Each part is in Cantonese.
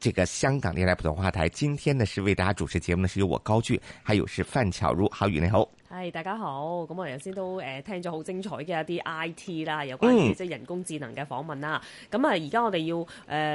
這個香港電台普通話台，今天呢是為大家主持節目呢，是由我高俊，還有是范巧如，好雨內侯。係，hey, 大家好。咁我哋頭先都誒聽咗好精彩嘅一啲 I.T. 啦，有關即係人工智能嘅訪問啦。咁啊、嗯，而家我哋要誒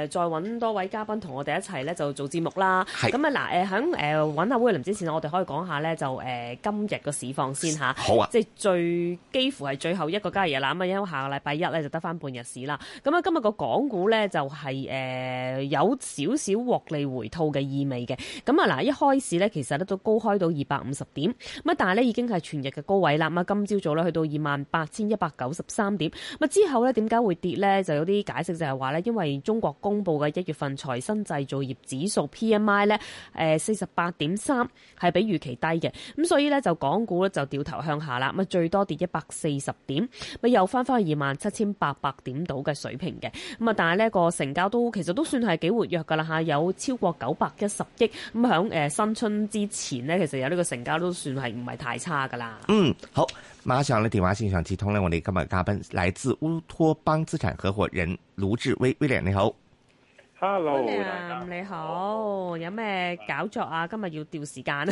再揾多位嘉賓同我哋一齊咧，就做節目啦。咁啊嗱，誒響誒揾下阿威之前我哋可以講下咧，就誒、呃、今日個市況先嚇。啊好啊。即係最幾乎係最後一個交易日啦。咁啊，因為下個禮拜一咧就得翻半日市啦。咁啊，今日個港股咧就係、是、誒、呃、有少少獲利回吐嘅意味嘅。咁啊嗱，一開始咧其實咧都高開到二百五十點，乜但係咧已經。經係全日嘅高位啦，咁今朝早咧去到二萬八千一百九十三點，咁之後咧點解會跌呢？就有啲解釋就係話呢，因為中國公布嘅一月份財新製造業指數 PMI 呢，誒四十八點三係比預期低嘅，咁所以呢，就港股呢就掉頭向下啦，咁最多跌一百四十點，又翻翻去二萬七千八百點度嘅水平嘅，咁啊但係呢個成交都其實都算係幾活躍噶啦，吓有超過九百一十億，咁響誒新春之前呢，其實有呢個成交都算係唔係太差。啊噶啦，嗯好，馬上嚟電話線上接通咧，我哋今日嘉賓來自烏托邦資產合伙人盧志威，威廉你好，Hello，你好，有咩搞作啊？今日要調時間啊？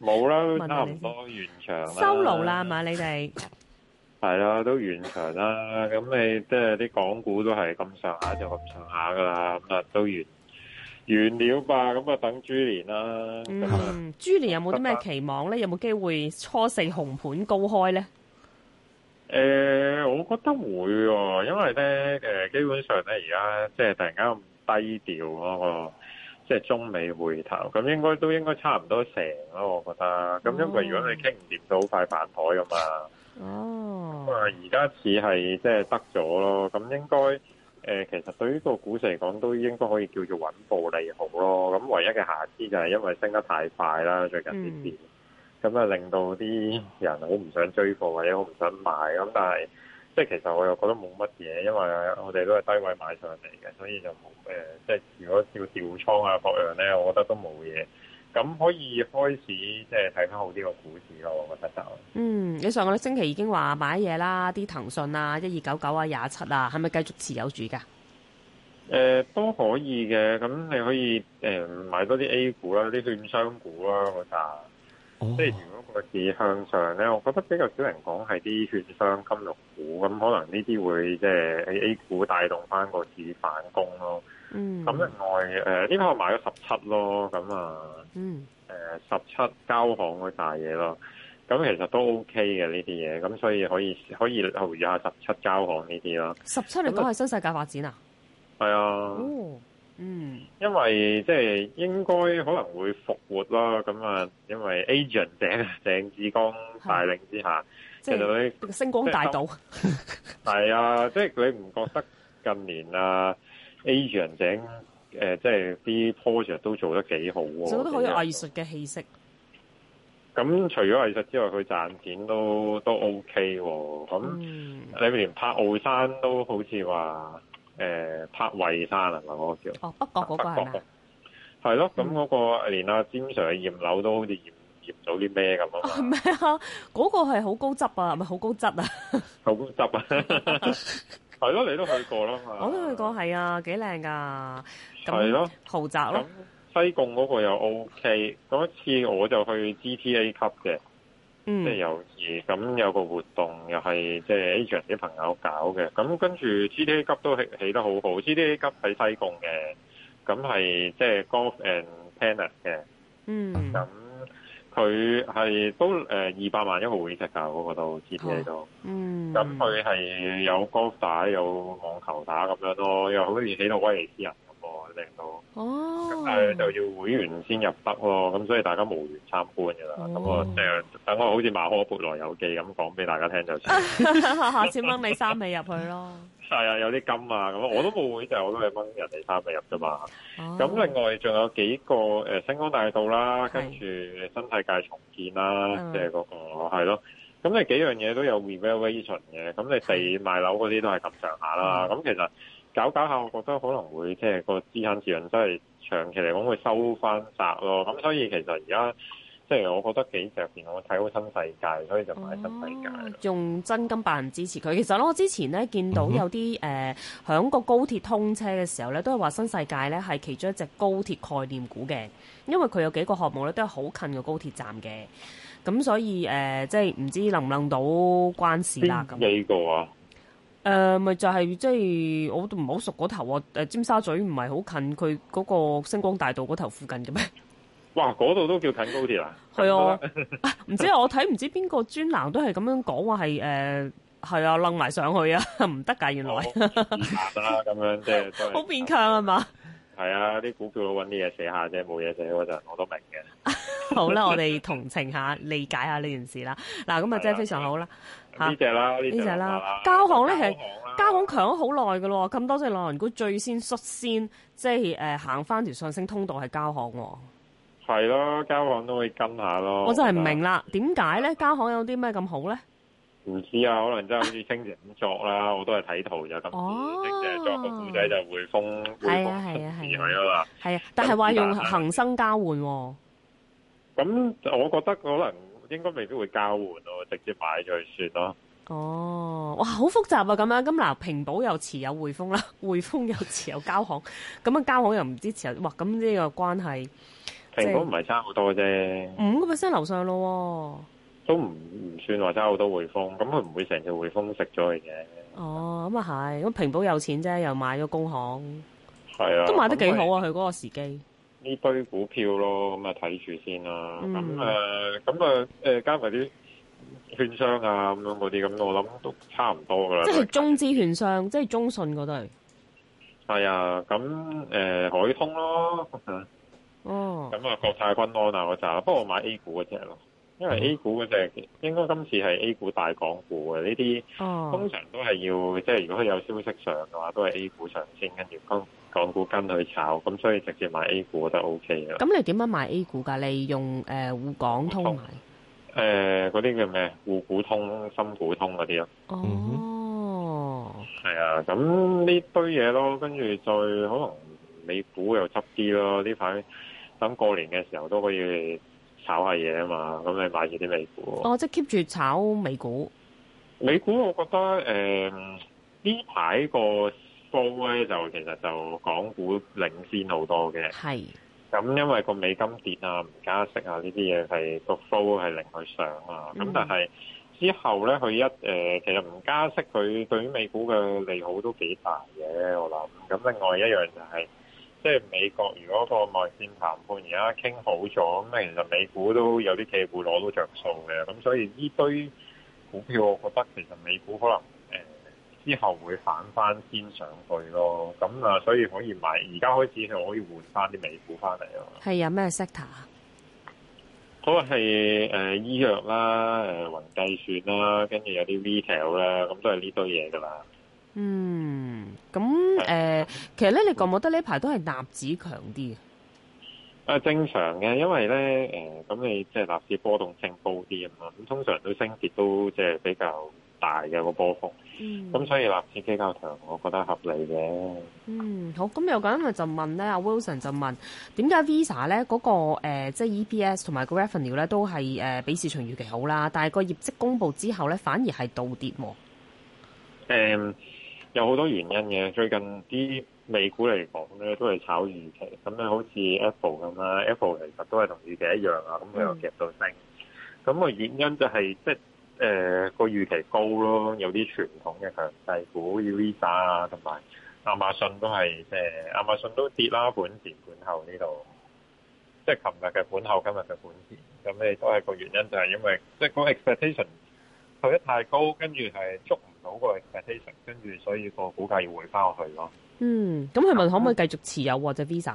冇 啦，差唔多完場，收爐啦係嘛？你哋係啦，都完場啦，咁你即係啲港股都係咁上下，就咁上下噶啦，咁啊都完。完了吧，咁啊等豬年啦。嗯，豬、嗯、年有冇啲咩期望咧？有冇機會初四紅盤高開咧？誒、呃，我覺得會，因為咧，誒、呃，基本上咧，而家即係突然間咁低調嗰個，即係中美回頭，咁應該都應該差唔多成咯，我覺得。咁因為如果你傾唔掂到，好快翻台噶嘛。哦。咁啊，而家似係即係得咗咯，咁應該。誒，其實對於個股市嚟講，都應該可以叫做穩步利好咯。咁唯一嘅瑕疵就係因為升得太快啦，最近呢邊，咁啊令到啲人好唔想追貨或者好唔想買。咁但係，即係其實我又覺得冇乜嘢，因為我哋都係低位買上嚟嘅，所以就冇誒，即係如果要調倉啊各樣咧，我覺得都冇嘢。咁可以開始即係睇翻好啲個股市咯，我覺得就嗯，你上個星期已經話買嘢啦，啲騰訊啊、一二九九啊、廿七啊，係咪繼續持有住噶？誒、呃、都可以嘅，咁你可以誒、呃、買多啲 A 股啦，啲券商股啦，我覺得，哦、即係如果個市向上咧，我覺得比較少人講係啲券商金融股，咁可能呢啲會即係 A A 股帶動翻個市反攻咯。嗯，咁另外誒、呢排我買咗十七咯，咁、嗯、啊，誒十七交行嗰大嘢咯，咁其實都 OK 嘅呢啲嘢，咁所以可以可以留意下十七交行呢啲啦。十七嚟講係新世界發展啊？係啊、嗯，嗯，因為即係、就是、應該可能會復活啦，咁啊，因為 agent 鄭鄭志剛帶領之下，叫做佢星光大道。係、就是 嗯、啊，即係佢唔覺得近年啊？ Asian 井，誒、呃，即係啲 pose 都做得幾好喎，做得好有藝術嘅氣息。咁、嗯、除咗藝術之外，佢賺錢都都 OK 喎。咁你、嗯、連拍奧山都好似話誒拍衛山啊嘛，嗰、那個、叫？哦北角嗰個係咪係咯，咁嗰、那個連阿、啊、詹 Sir 嘅驗樓都好似驗驗到啲咩咁啊？唔係啊，嗰、那個係好高質啊，係咪好高質啊？好高質啊！係咯，你都去過啦嚇。我都去過，係啊，幾靚㗎。係咯，豪宅咯。西貢嗰個又 O K。咁一次我就去 G T A 級嘅，即係有時咁有個活動又係即係 agent 啲朋友搞嘅。咁跟住 G T A 級都起，起得好好。G T A 級喺西貢嘅，咁係即係、就是、golf and tennis 嘅。嗯。咁。佢係都誒二百萬一個會員價，我覺得都千祈都，嗯。咁佢係有高打，有網球打咁樣咯，又好似起到威尼斯人咁，令到哦。咁、oh, 就要會員先入得咯，咁所以大家無緣參觀㗎啦。咁、oh, 我等等我好似馬可波羅遊記咁講俾大家聽就 下次掹尾三尾入去咯。係啊，有啲金啊咁，我都冇會，就係我都係掹人哋差未入噶嘛。咁另外仲有幾個誒、呃，星光大道啦，跟住新世界重建啦，即係嗰個係咯。咁你幾樣嘢都有 revelation 嘅，咁你地賣樓嗰啲都係咁上下啦。咁、mm. 其實搞搞下，我覺得可能會即係個資產市場真係長期嚟講會收翻窄咯。咁所以其實而家。即係我覺得幾着邊，我睇好新世界，所以就買新世界咯。用真金白銀支持佢。其實咧，我之前咧見到有啲誒，響、呃、個高鐵通車嘅時候咧，都係話新世界咧係其中一隻高鐵概念股嘅，因為佢有幾個項目咧都係好近個高鐵站嘅。咁所以誒、呃，即係唔知能唔能到關事。啦咁。邊幾個啊？誒、呃，咪就係即係我都唔好熟嗰頭誒，尖沙咀唔係好近佢嗰個星光大道嗰頭附近嘅咩？哇！嗰度都叫近高鐵，近高鐵啊？係啊，唔知我睇唔知邊個專欄都係咁樣講話係誒係啊，楞埋上去啊，唔得㗎原來。二啦， 咁樣即係好勉強啊嘛。係啊，啲、啊、股票揾啲嘢寫下啫，冇嘢寫嗰陣我都明嘅。好啦，我哋同情下，理解下呢件事啦。嗱、啊，咁啊真係非常好啦。呢、啊、隻啦，呢隻啦，交行咧係交行強咗好耐嘅咯。咁多隻內銀，股最先率先即係誒行返條上升通道係交行、啊。係咯，交行都會跟下咯。我真係唔明啦，點解咧？交行有啲咩咁好咧？唔知啊，可能真係好似升值咁作啦。我都係睇圖就咁，即係作個古仔就會封匯豐出市去啊嘛。係啊，但係話用恒生交換咁，我覺得可能應該未必會交換咯，直接擺咗去算咯。哦，哇，好複雜啊！咁樣，咁嗱，平保又持有匯豐啦，匯豐又持有交行，咁啊，交行又唔支持哇！咁呢個關係。平保唔係差好多啫，五、嗯、個 percent 樓上咯，都唔唔算話差好多匯豐，咁佢唔會成隻匯豐食咗佢嘅。哦，咁啊係，咁平保有錢啫，又買咗工行，係啊，都買得幾好啊，佢嗰、就是、個時機。呢堆股票咯，咁啊睇住先啦。咁誒，咁啊，誒、嗯呃，加埋啲券商啊，咁樣嗰啲，咁我諗都差唔多噶啦。即係中資券商，即係中信嗰隊。係啊，咁誒、呃，海通咯。 哦，咁啊、嗯，嗯、國泰君安啊嗰隻，不過我買 A 股嗰隻咯，因為 A 股嗰隻應該今次係 A 股大港股嘅呢啲，通常都係要即係如果佢有消息上嘅話，都係 A 股上先，跟住港港股跟佢炒，咁所以直接買 A 股都 OK 啊。咁、嗯、你點樣買 A 股噶？你用誒滬、呃、港通誒，嗰啲、哦呃、叫咩？滬股通、深股通嗰啲咯。哦，係啊，咁呢堆嘢咯，跟住再可能美股又執啲咯，呢排。咁過年嘅時候都可以炒下嘢啊嘛，咁你買住啲美股。哦，即係 keep 住炒美股。美股我覺得誒、呃、呢排個 flow 咧就其實就港股領先好多嘅。係是。咁因為個美金跌啊、唔加息啊呢啲嘢係個 flow 係令佢上啊，咁、嗯、但係之後咧佢一誒、呃、其實唔加息佢對於美股嘅利好都幾大嘅，我諗。咁另外一樣就係、是。即係美國，如果個外線談判而家傾好咗，咁其實美股都有啲企業股攞到着數嘅，咁所以呢堆股票我覺得其實美股可能誒、呃、之後會反翻先上去咯，咁啊所以可以買，而家開始就可以換翻啲美股翻嚟。啊係有咩 s e t t o r 嗰係誒醫藥啦，誒雲計算啦，跟住有啲 V 型啦，咁都係呢堆嘢噶啦。嗯。咁誒、呃，其實咧，你覺唔覺得呢排都係納指強啲啊？誒，正常嘅，因為咧，誒、呃，咁你即係納指波動性高啲啊嘛，咁通常都升跌都即係比較大嘅個波幅，咁、嗯、所以納指比較強，我覺得合理嘅。嗯，好，咁有個人就問咧，阿、啊、Wilson 就問，點解 Visa 咧嗰、那個誒，即係 EPS 同埋個 Revenue 咧都係誒比市場預期好啦，但係個業績公布之後咧反而係倒跌喎？誒、嗯。有好多原因嘅，最近啲美股嚟講咧都係炒預期，咁咧好似 Apple 咁啦，Apple 其實都係同預期一樣啊，咁又夾到升。咁啊原因就係、是、即係誒個預期高咯，有啲傳統嘅強勢股，如 Visa 啊同埋亞馬遜都係誒亞馬遜都跌啦，盤前盤後呢度，即係琴日嘅盤後今日嘅盤前，咁你都係個原因就係因為即係個 expectation 投得太高，跟住係捉。好個 position，跟住所以個股價要回翻落去咯。嗯，咁佢問可唔可以繼續持有隻、啊、或者 Visa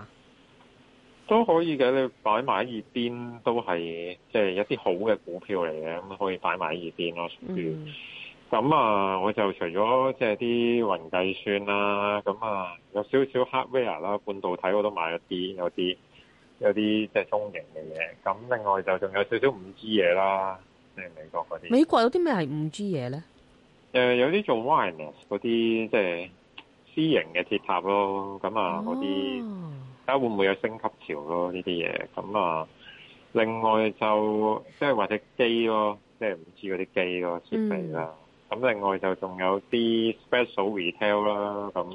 都可以嘅。你擺埋喺二邊都係即係一啲好嘅股票嚟嘅，咁可以擺埋喺二邊咯。咁、嗯、啊，我就除咗即係啲雲計算啦、啊，咁啊有少少 hardware 啦，半導體我都買咗啲，有啲有啲即係中型嘅嘢，咁另外就仲有少少五 G 嘢啦，即、就、係、是、美國嗰啲。美國有啲咩係五 G 嘢咧？誒有啲做 wireless 嗰啲，即係私營嘅鐵塔咯，咁啊嗰啲睇下會唔會有升級潮咯呢啲嘢，咁啊另外就即係或者機咯，即係唔知嗰啲機咯設備啦，咁、嗯、另外就仲有啲 special retail 啦，咁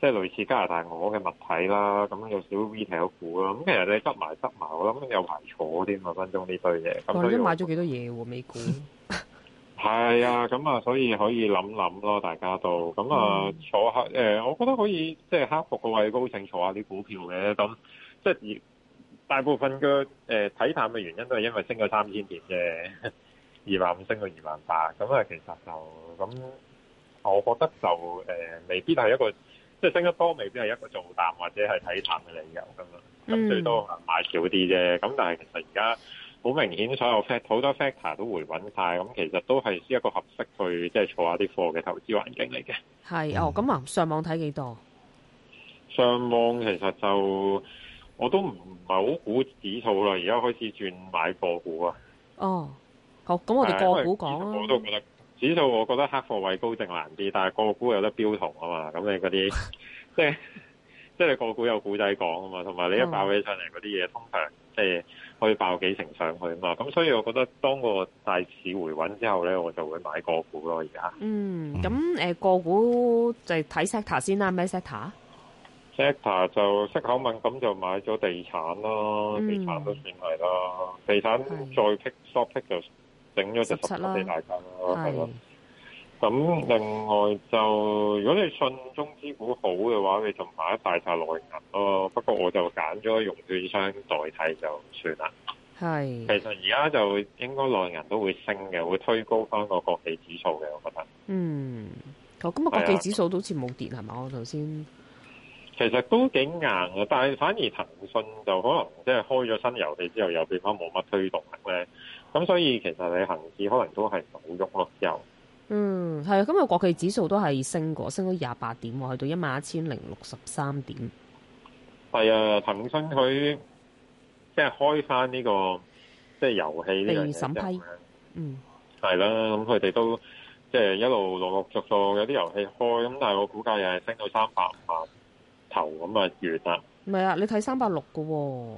即係類似加拿大鵝嘅物體啦，咁有少 retail 股啦，咁其實你執埋執埋，我諗有排坐添啊分鐘呢堆嘢，哇！你買咗幾多嘢喎、啊、美股？ 係啊，咁啊，所以可以諗諗咯，大家都咁啊，坐下誒、嗯呃，我覺得可以即係、就是、克服個畏高症，坐下啲股票嘅。咁即係而大部分嘅誒睇淡嘅原因都係因為升咗三千點啫，二萬五升到二萬八，咁啊，其實就咁，我覺得就誒、呃，未必係一個即係升得多，未必係一個做淡或者係睇淡嘅理由噶嘛。咁最多可能買少啲啫。咁但係其實而家。好明顯，所有好多 factor 都回穩晒。咁、嗯、其實都係一個合適去即係坐下啲貨嘅投資環境嚟嘅。係哦，咁啊，上網睇幾多？上網其實就我都唔係好估指數啦，而家開始轉買個股啊。哦，好，咁我哋個股講啦。我都覺得,吧覺得指數，我覺得黑貨位高定難啲，但係個股有得標同啊嘛。咁你嗰啲 即係即係你個股有故仔講啊嘛，同埋你一爆起上嚟嗰啲嘢，通常即、就、係、是。可以爆幾成上去嘛？咁所以我覺得當個大市回穩之後咧，我就會買個股咯。而家，嗯，咁誒個股就係睇 sector 先啦。咩 sector？sector 就息口敏感就買咗地產咯，嗯、地產都算係啦。地產再 pick s h 是 o r pick 就整咗就十幾大間咯，係咯。咁另外就如果你信中資股好嘅話，你就買一大沓內銀咯。不過我就揀咗融券商代替就算啦。係是。其實而家就應該內銀都會升嘅，會推高翻個國企指數嘅，我覺得。嗯。咁啊，國企指數都好似冇跌係嘛的？我頭先。其實都幾硬嘅。但係反而騰訊就可能即係開咗新遊戲之後又變翻冇乜推動力咧。咁所以其實你行市可能都係唔好喐咯，又。嗯，係啊，今日國企指數都係升過，升咗廿八點，去到一萬一千零六十三點。係啊，騰訊佢即係開翻呢個即係遊戲審批。嗯，係啦，咁佢哋都即係一路落落續續，有啲遊戲開，咁但係我估計又係升到三百萬頭咁啊，完啦。唔係啊，你睇三百六嘅喎，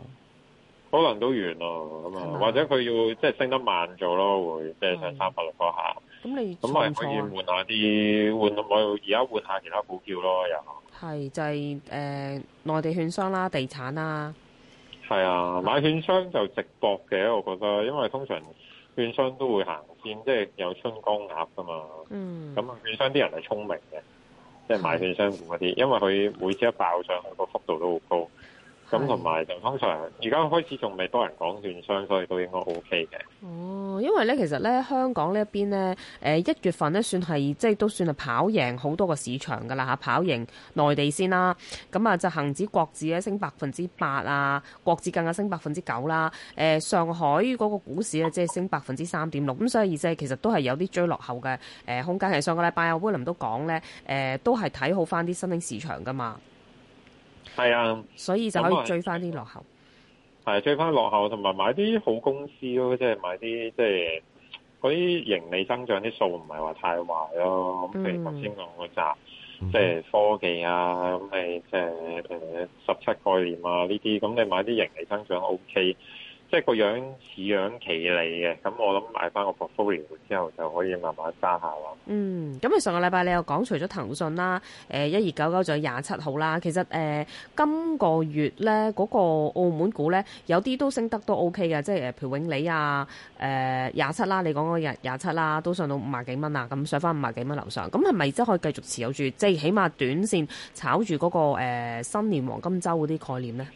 可能都完咯，咁啊，或者佢要即係升得慢咗咯，會即係上三百六嗰下。咁你咁咪可以換一下啲換我而家換下其他股票咯，又、嗯、係就係、是、誒、呃、內地券商啦、地產啦。係啊，買券商就直博嘅，我覺得，因為通常券商都會行先，即、就、係、是、有春江鴨噶嘛。嗯。咁啊，券商啲人係聰明嘅，即、就、係、是、買券商股嗰啲，是因為佢每次一爆上去個幅度都好高。咁同埋就通常而家開始仲未多人講券商，所以都應該 O K 嘅。哦，因為咧其實咧香港呢一邊咧，誒、呃、一月份咧算係即係都算係跑贏好多個市場㗎啦嚇，跑贏內地先啦、啊。咁啊就恆指、國指呢、國指咧升百分之八啊，國指更加升百分之九啦。誒、啊呃、上海嗰個股市咧即係升百分之三點六，咁、嗯、所以即、就、係、是、其實都係有啲追落後嘅誒、呃、空間。係上個禮拜阿 William 都講咧，誒、呃、都係睇好翻啲新興市場㗎嘛。係啊，所以就可以追翻啲落後。係、嗯、追翻落後，同埋買啲好公司咯，即係買啲即係嗰啲盈利增長啲數唔係話太壞咯。咁譬如頭先講嗰扎，即係科技啊，咁你即係誒十七概念啊呢啲，咁你買啲盈利增長 OK。即係個樣似樣奇嚟嘅，咁我諗買翻個 portfolio 之後就可以慢慢揸下啦。嗯，咁啊上個禮拜你又講除咗騰訊啦，誒一二九九仲有廿七號啦，其實誒、呃、今個月咧嗰、那個澳門股咧有啲都升得都 OK 嘅，即係誒永利啊，誒廿七啦，你講嗰日廿七啦，都上到五萬幾蚊啊，咁上翻五萬幾蚊樓上，咁係咪即係可以繼續持有住？即係起碼短線炒住嗰、那個、呃、新年黃金周嗰啲概念咧？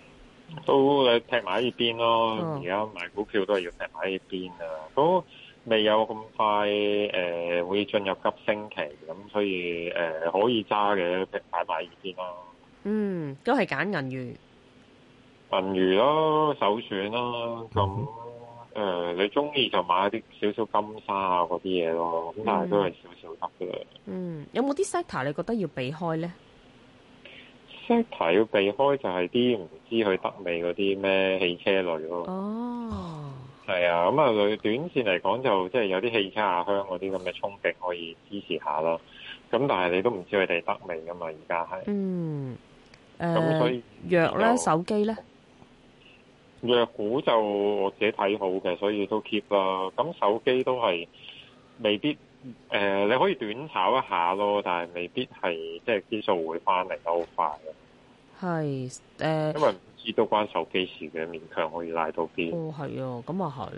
都你踢埋呢邊咯，而家買股票都係要踢埋呢邊啊！都未有咁快誒，會進入急升期，咁所以誒可以揸嘅，踢埋買呢邊咯。嗯，都係揀銀娛，嗯、銀娛咯，首選啦。咁誒、mm hmm. 呃，你中意就買啲少少金沙啊嗰啲嘢咯。咁但係都係少少得嘅、嗯。嗯，有冇啲 sector 你覺得要避開咧？即係睇，要避開就係啲唔知佢得未嗰啲咩汽車類咯。哦，係啊，咁、嗯、啊，佢短線嚟講就即係、就是、有啲汽車啊、下鄉嗰啲咁嘅憧憬可以支持下啦。咁但係你都唔知佢哋得未噶嘛？而家係嗯，咁、呃、所以藥咧呢後手機咧，藥股就我自己睇好嘅，所以都 keep 啦。咁手機都係未必。誒、呃，你可以短炒一下咯，但係未必係即係基數會翻嚟得好快嘅。係誒，呃、因為唔知都關手機事嘅勉強可以拉到邊。哦，係啊，咁啊係，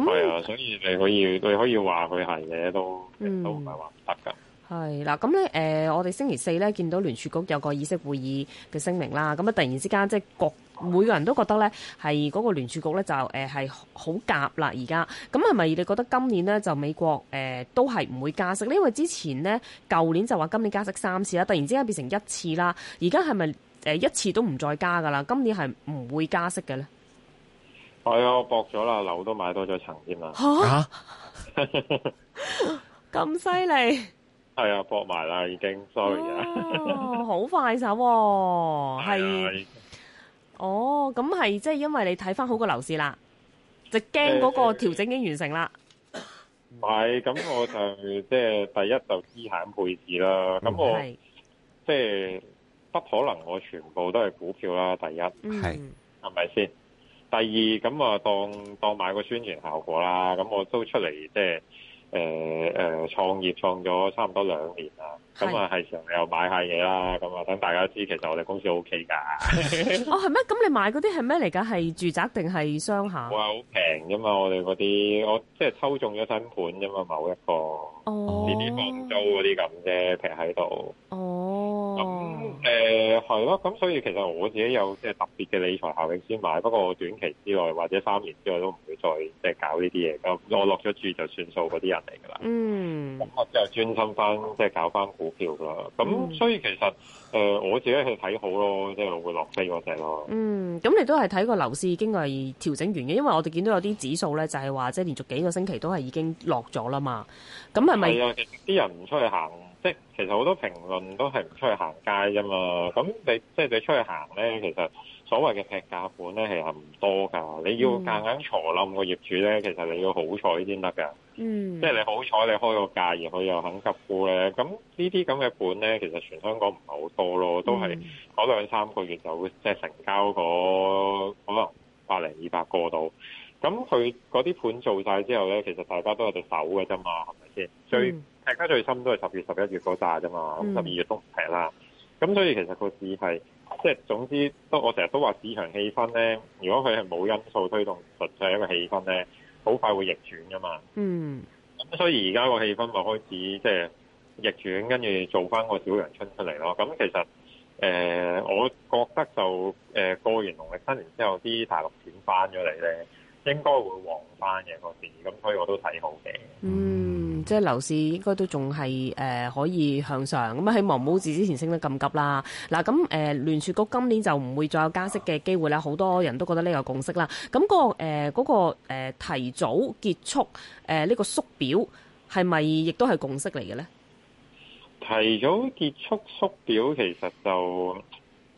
咁係啊，嗯、所以你可以你可以話佢係嘅都，嗯、都唔係話唔得嘅。係啦，咁咧，誒、嗯嗯，我哋星期四咧見到聯儲局有個議息會議嘅聲明啦，咁、嗯、啊，突然之間即係各每個人都覺得咧係嗰個聯儲局咧就誒係好夾啦而家，咁係咪你覺得今年咧就美國誒、呃、都係唔會加息咧？因為之前咧舊年就話今年加息三次啦，突然之間變成一次啦，而家係咪誒一次都唔再加噶啦？今年係唔會加息嘅咧？係啊、哎，我博咗啦，樓都買多咗層添啦，吓、啊，咁犀利！係啊，搏埋啦，已經，sorry、哦、 啊。好快手，係。哦，咁係即係因為你睇返好個樓市啦，就驚嗰個調整已經完成啦。唔係、呃，咁、呃、 我就即係第一就資產配置啦。咁我即係、就是、不可能，我全部都係股票啦。第一係係咪先？第二咁啊，當當買個宣傳效果啦。咁我都出嚟即係。就是就是誒誒，創、呃、業創咗差唔多兩年啦，咁啊係時候又買下嘢啦，咁啊等大家知，其實我哋公司 O K 噶。哦，係咩？咁你買嗰啲係咩嚟噶？係住宅定係商廈？哇，好平啫嘛，我哋嗰啲，我即係抽中咗新盤啫嘛，某一個，啲啲、哦、房租嗰啲咁啫，平喺度。哦咁誒係咯，咁、嗯嗯嗯、所以其實我自己有即係特別嘅理財效應先買，不過短期之內或者三年之內都唔會再即係搞呢啲嘢。咁我落咗注就算數嗰啲人嚟㗎啦。嗯，咁我就專心翻即係搞翻股票㗎啦。咁所以其實誒、呃、我自己去睇好咯，即係會落飛嗰隻咯。嗯，咁你都係睇個樓市已經係調整完嘅，因為我哋見到有啲指數咧就係話即係連續幾個星期都係已經落咗啦嘛。咁係咪？係啊，啲人唔出去行。即係其實好多評論都係唔出去行街啫嘛，咁你即係你出去行咧，其實所謂嘅劈價盤咧，其實唔多噶，你要硬硬，硬坐冧個業主咧，其實你要好彩先得噶。嗯，即係你好彩你開個價，而佢又肯急沽咧，咁呢啲咁嘅盤咧，其實全香港唔係好多咯，都係嗰兩三個月就會即係成交嗰可能百零二百個度。咁佢嗰啲盤做晒之後咧，其實大家都有隻手嘅啫嘛，係咪先？最大家最深都係十月十一月嗰扎啫嘛，咁十二月都唔踢啦。咁、嗯、所以其實個市係即係總之我都我成日都話市場氣氛咧，如果佢係冇因素推動，純、就、粹、是、一個氣氛咧，好快會逆轉噶嘛。嗯。咁所以而家個氣氛咪開始即係、就是、逆轉，跟住做翻個小陽春出嚟咯。咁其實誒、呃，我覺得就誒、呃、過完農曆新年之後，啲大陸錢翻咗嚟咧，應該會旺翻嘅個市，咁所以我都睇好嘅。嗯。即係樓市應該都仲係誒可以向上咁啊！喺黃冇字之前升得咁急啦。嗱，咁誒聯儲局今年就唔會再有加息嘅機會啦。好多人都覺得呢個共識啦。咁個誒、嗰個誒提早結束誒呢個縮表係咪亦都係共識嚟嘅咧？提早結束縮表其實就。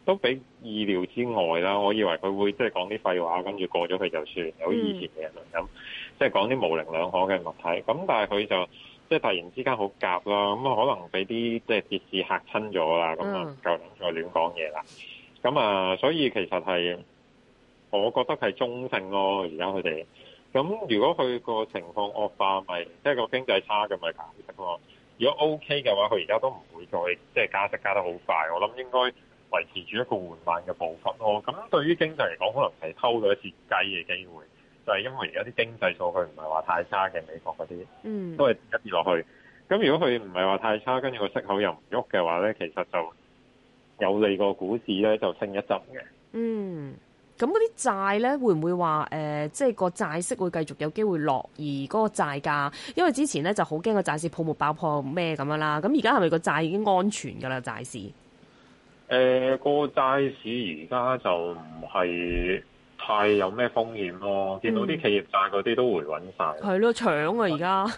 都比意料之外啦！我以為佢會即係講啲廢話，跟住過咗佢就算。有以前嘅人咁、嗯，即係講啲模棱兩可嘅物體。咁但係佢就即係突然之間好夾啦。咁啊，可能俾啲即係跌市嚇親咗啦。咁啊，唔夠膽再亂講嘢啦。咁啊、嗯，所以其實係我覺得係中性咯。而家佢哋咁，如果佢個情況惡化，咪、就是、即係個經濟差嘅解釋咯。如果 OK 嘅話，佢而家都唔會再即係、就是、加息加得好快。我諗應該。維持住一個緩慢嘅步伐咯，咁對於經濟嚟講，可能係偷咗一次雞嘅機會，就係、是、因為而家啲經濟數據唔係話太差嘅，美國嗰啲，嗯，都係跌一跌落去。咁如果佢唔係話太差，跟住個息口又唔喐嘅話咧，其實就有利個股市咧就升一浸嘅。嗯，咁嗰啲債咧會唔會話誒，即、呃、係、就是、個債息會繼續有機會落，而嗰個債價，因為之前咧就好驚個債市泡沫爆破咩咁樣啦。咁而家係咪個債已經安全噶啦債市？誒、呃，個債市而家就唔係太有咩風險咯，見到啲企業債嗰啲都回穩晒。係咯、嗯，搶啊而家！係、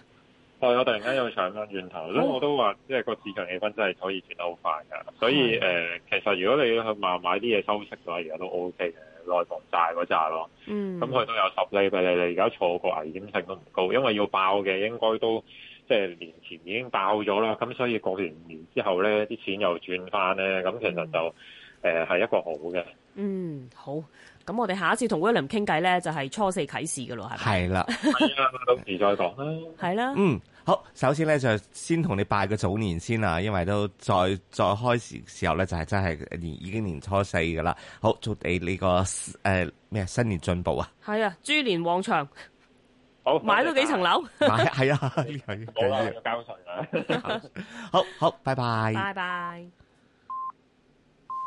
哎、我突然間又搶翻轉頭，所以我都話，即係個市場氣氛真係可以轉得好快噶。所以誒、呃，其實如果你去買買啲嘢收息嘅話，而家都 O K 嘅，內房債嗰扎咯。嗯。咁佢都有十厘俾你而家，錯過危險性都唔高，因為要爆嘅應該都。即係年前已經爆咗啦，咁所以過完年之後咧，啲錢又轉翻咧，咁其實就誒、是、係、呃、一個好嘅。嗯，好。咁我哋下一次同威廉傾偈咧，就係、是、初四啟市嘅咯，係咪？係啦。啊， 到時再講啦。係啦。嗯，好。首先咧就先同你拜個早年先啊，因為都再再開始時候咧就係、是、真係年已經年初四嘅啦。好，祝你呢、這個誒咩、呃、新年進步啊！係啊，豬年旺場。好買多幾層樓，係啊，呢啦，交巡啦！好好，拜拜，拜拜。